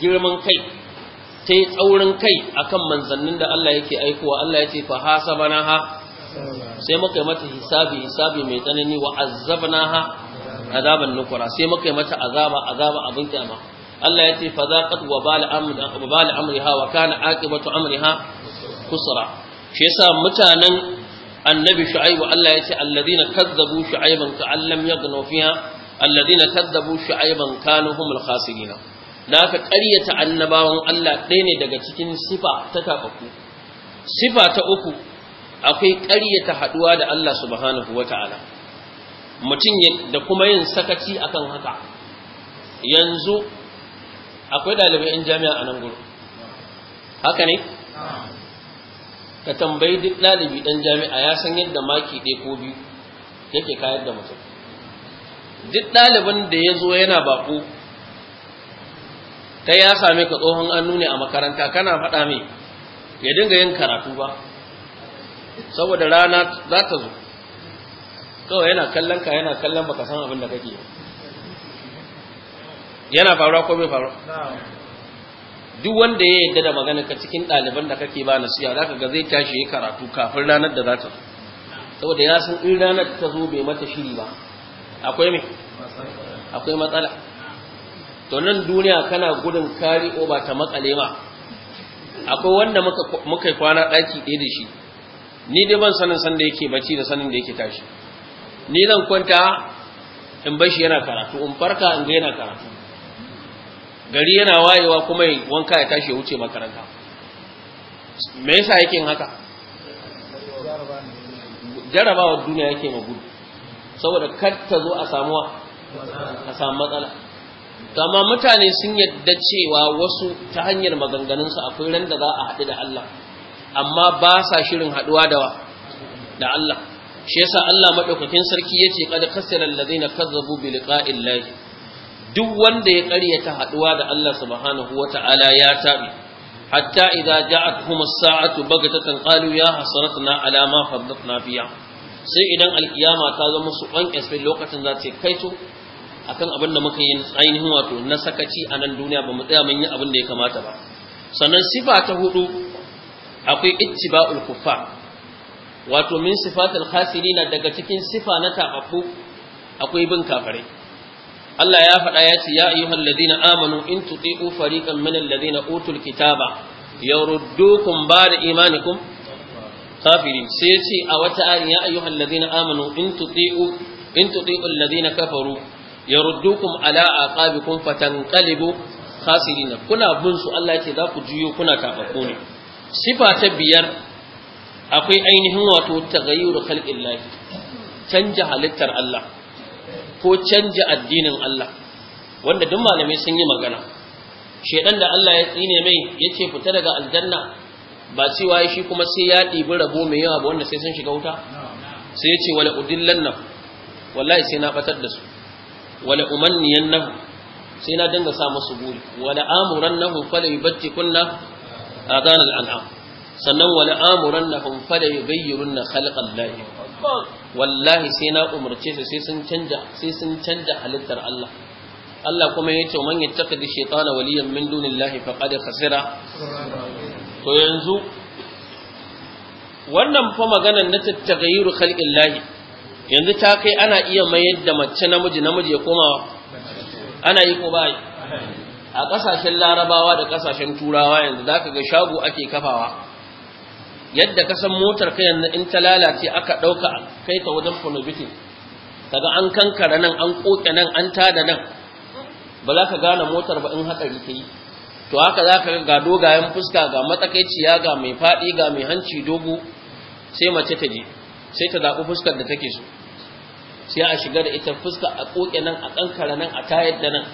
Speaker 1: girman kai ta tsaurin kai akan manzannin da Allah yake aikowa Allah ya ce fa hasabana ha sai muka yi mata hisabi hisabi mai tsanani wa azabna ha azaban nukura sai muka yi mata azaba azaba abin kyama Allah ya ce fa zaqat wa bal amriha wa bal amriha wa kana aqibatu amriha kusra shi yasa mutanen annabi shu'aibu Allah ya ce Alladina kazzabu shu'aiban ka allam yaghnu fiha الذين كذبوا شعيبا كانوا هم الخاسرين da aka ƙaryata annabawan Allah ɗaya ne daga cikin sifa ta kafaku sifa ta uku akwai ƙaryata haduwa da Allah subhanahu wata'ala mutum da kuma yin sakaci akan haka yanzu akwai ɗalibai 'yan jami'a a nan gudu haka ne ka tambayi duk ɗalibi ɗan jami'a ya san yadda maki ɗaya ko biyu yake kayar da mutum duk ɗaliban da ya zo yana baƙo ta ya same ka tsohon annu ne a makaranta kana faɗa mai ya dinga yin karatu ba saboda rana za ta zo kawai yana kallon ka yana kallon baka san abin da kake yana faruwa ko bai faruwa duk wanda ya yadda da magana ka cikin ɗaliban da kake ba nasiya za ka ga zai tashi ya karatu kafin ranar da za ta zo saboda ya san in ranar ta zo bai mata shiri ba akwai mai akwai matsala to nan duniya kana gudun kari ba ta matsale ma akwai wanda muka kwana ɗaki ɗaya da shi ni dai ban sanin san da yake bacci da sanin da yake tashi ni zan kwanta in bashi yana karatu in farka in ga yana karatu gari yana wayewa kuma wanka ya tashi ya wuce makaranta me yasa yake haka jarabawar duniya yake ma gudu saboda kar ta zo a samuwa a samu matsala amma mutane sun yadda cewa wasu ta hanyar maganganunsu akwai ran da za a haɗu da Allah amma ba sa shirin haɗuwa da da Allah shi yasa Allah madaukakin sarki yace qad khasira allazina kazzabu bi liqa'illahi duk wanda ya ƙaryata haɗuwa da Allah subhanahu wata'ala ya tabi hatta idza ja'atuhum as-sa'atu baghtatan qalu ya hasratna ala ma faddatna fiha sai idan alkiyama ta zama su ɗan lokacin za ta kai to akan abin da muka yi ainihin wato na sakaci a nan duniya ba mu tsaya mun yi abin da ya kamata ba sannan sifa ta hudu akwai ittiba'ul kuffa wato min sifatul khasirina daga cikin sifa na tafafu akwai bin kafare Allah ya faɗa ya ce ya ayyuhal ladina amanu in tuti'u fariqan min alladhina utul kitaba yuruddukum ba'da imanikum kafirin sai ya ce a wata ayin ya ayyuhan ladina amanu in tuti'u in tuti'u alladhina kafaru yaruddukum ala aqabikum fatanqalibu kasirina. kuna bin su Allah yace za ku juyo kuna tabako ne sifa ta biyar akwai ainihin wato taghayyur khalqillah canja halittar Allah
Speaker 2: ko canja
Speaker 1: addinin Allah wanda duk malamai sun yi magana shedan da Allah ya tsine mai yace fita daga aljanna ba cewa shi kuma sai ya ɗibi rabo mai yawa ba wanda sai sun shiga wuta sai ya ce wala udillan nan wallahi sai na batar da su wala umanniyan nan sai na dinga sa musu buri wala amuran nan fala yubatti kunna A adan al'an'am sannan wala amuran nan fala yughayyirunna khalqan lahi wallahi sai na umarce su sai sun canja sai sun canja halittar Allah Allah kuma ya ce man yattaqi shaytana waliyan min dunillahi faqad khasira to yanzu wannan fa maganar na tattagayiru khalqin lahi yanzu ta kai ana iya mayar da mace namiji namiji ya koma ana yi ko bai a kasashen larabawa da kasashen turawa yanzu zaka ga shago ake kafawa yadda ka san motar ka yanzu in ta lalace aka dauka kai ta wajen phenobitin kaga an kankara nan an koke nan an tada nan ba za ka gane motar ba in hatsari ta yi to haka za ka ga dogayen fuska ga matsakaiciya ga mai faɗi ga mai hanci dogo sai mace ta je sai ta zaɓi fuskar da take so sai a shiga da ita fuska a ƙoƙe nan a ƙanƙara nan a tayar da nan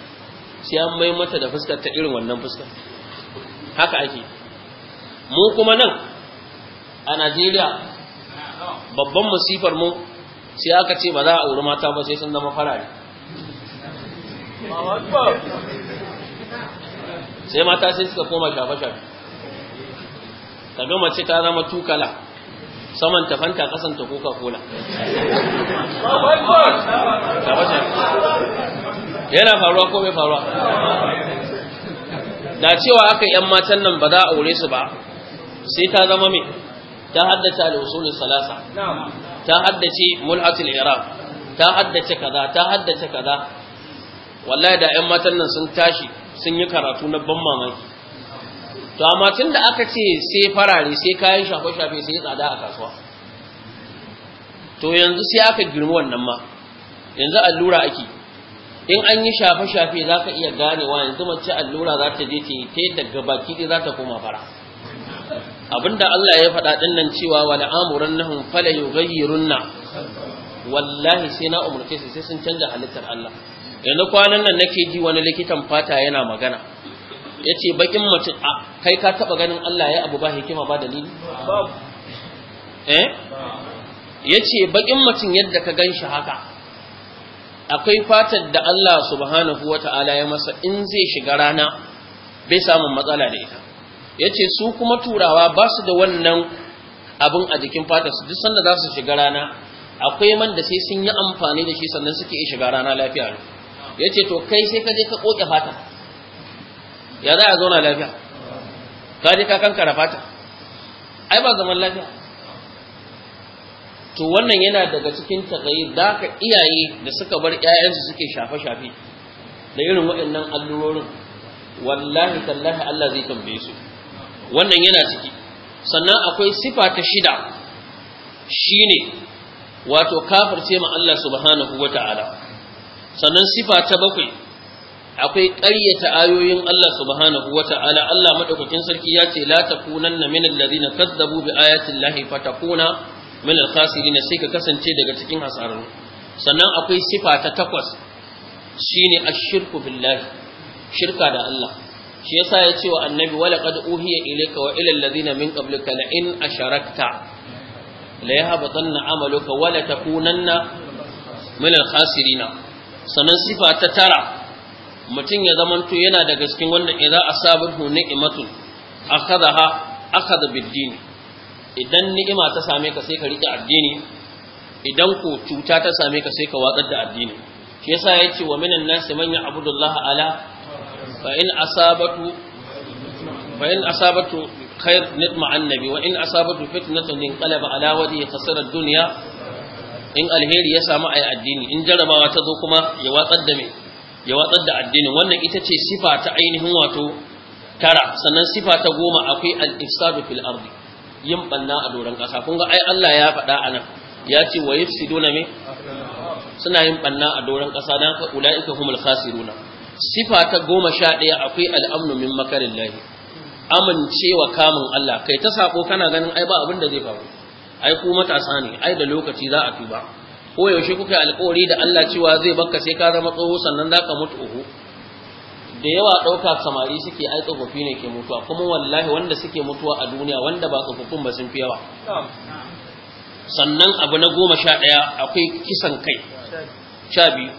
Speaker 1: sai an mai mata da fuskar ta irin wannan fuskar haka ake mu kuma nan a najeriya babban musifar mu sai aka ce ba za a auri mata ba sai sun zama farare sai mata sai suka koma shafe-shafe kaga mace ta zama tukala saman ta fanta kasan ta coca kola. yana faruwa ko bai faruwa da cewa aka yan matan nan ba za a aure su ba sai ta zama mai ta haddace al'usulun salasa ta haddace mul'atul iraq ta haddace kaza ta haddace kaza wallahi da yan matan nan sun tashi sun yi karatu na ban mamaki to amma tun da aka ce sai farare sai kayan shafe-shafe sai tsada a kasuwa to yanzu sai aka girma wannan ma yanzu allura ake in an yi shafe-shafe za ka iya ganewa yanzu mace allura za ta je ta yi ta yadda gabaki za ta koma fara abinda Allah ya faɗa ɗin nan cewa wa la'amuran nahum fala yughayyirunna wallahi sai na umurce su sai sun canza halittar Allah yanzu kwanan nan nake ji wani likitan fata yana magana ya ce bakin mutum a kai ka taba ganin Allah ya abu ba hikima ba dalili? Eh? ya ce bakin mutum yadda ka gan shi haka akwai fatar da Allah subhanahu wa ta'ala ya masa in zai shiga rana bai samun matsala da ita ya ce su kuma turawa ba su da wannan abin a jikin fatar su duk sanda za su shiga rana akwai man da sai sun yi amfani da shi sannan suke shiga rana lafiya ne ya ce to kai sai ka je ka ƙoƙe fata ya za a zauna lafiya ka je ka kankara fata ai ba zaman lafiya to wannan yana daga cikin taƙayi da ka iyaye da suka bar ƴaƴansu suke shafe-shafe da irin waɗannan allurorin wallahi tallahi Allah zai tambaye su wannan yana ciki sannan akwai sifa ta shida shine wato kafirce ma Allah subhanahu wata'ala sannan sifa ta bakwai akwai ƙaryata ayoyin Allah subhanahu Ta'ala, Allah madaukakin sarki ya ce la takunanna min alladhina kazzabu bi ayati llahi fatakuna min alkhasirin sai ka kasance daga cikin hasararru sannan akwai sifa ta takwas a shirku billahi shirka da Allah shi yasa ya ce wa annabi wala qad uhiya ilayka wa ila alladhina min qablika la in asharakta la yahbatanna amaluka wala takunanna min alkhasirin sannan sifa ta tara mutum ya to yana daga cikin wanda idza asabahu ni'matun akhadaha akhadha bid-din idan ni'ima ta same ka sai ka rike addini idan ko cuta ta same ka sai ka watsar da addini shi yasa yace wa minan nasi man ya'budu Allah ala fa in asabatu fa in asabatu khair nitma annabi wa in asabatu fitnatun inqalaba ala wadi khasara ad-dunya in alheri ya samu ayi addini in jarabawa ta zo kuma ya watsar da me ya watsar da addinin wannan ita ce sifa ta ainihin wato tara sannan sifa ta goma akwai al-ifsadu fil ardi yin banna a doron kasa kun ga ai Allah ya faɗa anan ya ce wa yafsiduna me suna yin banna a doron kasa dan ka ulaika humul khasiruna sifa ta goma sha ɗaya akwai amnu min makarin lahi amincewa kamun Allah kai ta sako kana ganin ai ba abin da zai faru ai ku matasa ne ai da lokaci za a tuba ko yaushe kuka yi alƙawari da Allah cewa zai baka sai ka zama tsoho sannan za ka mutu uhu da yawa ɗauka samari suke ai tsofaffi ne ke mutuwa kuma wallahi wanda suke mutuwa a duniya wanda ba tsofaffin ba sun fi yawa sannan abu na goma sha ɗaya akwai kisan kai sha biyu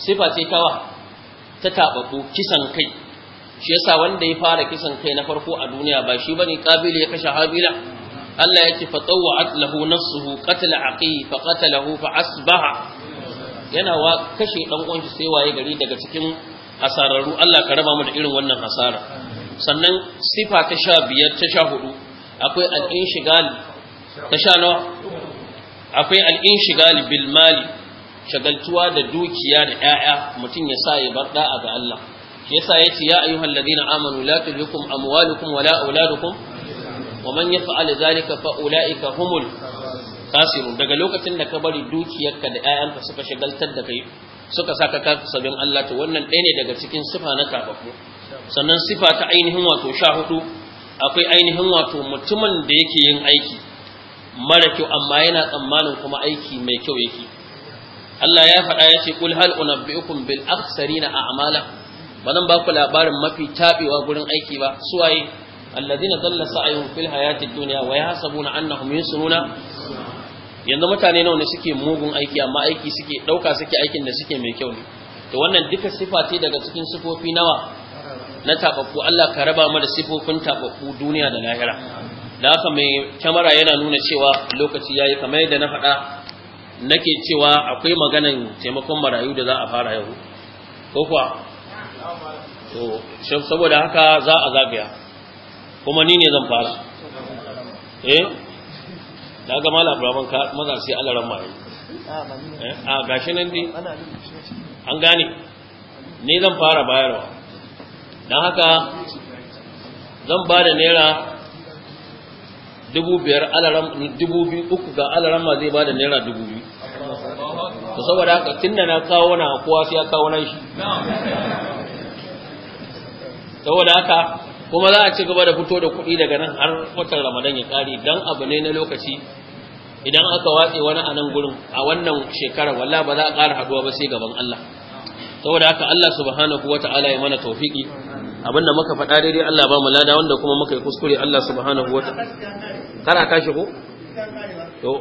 Speaker 1: sifa ce kawa ta taɓaɓo kisan kai shi yasa wanda ya fara kisan kai na farko a duniya ba shi bane kabila ya kashe habila Allah ya ce fa tsawwa'at lahu nafsuhu qatala aqi fa qatalahu fa asbaha yana wa kashe dan uwan sai waye gari daga cikin hasararru. Allah ka raba mu da irin wannan hasara sannan sifa ta sha biyar ta sha hudu akwai al-inshigal ta sha nawa akwai al-inshigal bil mali shagaltuwa da dukiya da 'ya'ya mutum ya sa ya bar da'a ga Allah yasa yace ya ayyuhal ladina amanu la tulhikum amwalukum wala auladukum wa man yaf'al zalika fa ka humul kasirun daga lokacin da ka bari dukiyarka da ƴaƴanka suka shagaltar da kai suka saka ka sabin Allah to wannan ɗaya ne daga cikin sifa na kafafu sannan sifa ta ainihin wato sha hudu akwai ainihin wato mutumin da yake yin aiki mara kyau amma yana tsammanin kuma aiki mai kyau yake Allah ya faɗa ya ce kul hal unabbiukum bil akhsarina a'mala ba nan ba ku labarin mafi tabewa gurin aiki ba suwaye alladhina dalla sa'yuhum fil hayati dunya wa yahsabuna annahum yusruna yanzu mutane nawa ne suke mugun aiki amma aiki suke dauka suke aikin da suke mai kyau ne to wannan duka sifa daga cikin sifofi nawa na tababbu Allah ka raba mu da sifofin tababbu duniya da lahira da haka mai kyamara yana nuna cewa lokaci yayi kamar yadda na faɗa nake cewa akwai maganan taimakon marayu da za a fara yau ko kuwa
Speaker 2: to
Speaker 1: saboda haka za a zagaya kuma ni ne zan fara eh da ga mala abraman ka maza sai alaran mai
Speaker 2: eh? a gashi
Speaker 1: nan dai an gane ni zan fara bayarwa don haka zan ba da naira dubu biyar alaran dubu biyu uku ga alaran ma zai ba da naira dubu biyu to saboda haka tunda na kawo na kowa sai ya kawo nan shi saboda haka kuma za a ci gaba da fito da kuɗi daga nan har watan ramadan ya ƙare don abu ne na lokaci idan aka watse wani a nan gurin a wannan shekarar walla ba za a ƙara haɗuwa ba sai gaban Allah saboda haka Allah subhanahu wata'ala ya mana tawfiki abinda muka faɗa daidai Allah ba mu lada wanda kuma muka yi kuskure Allah subhanahu wata'ala kana ka ko to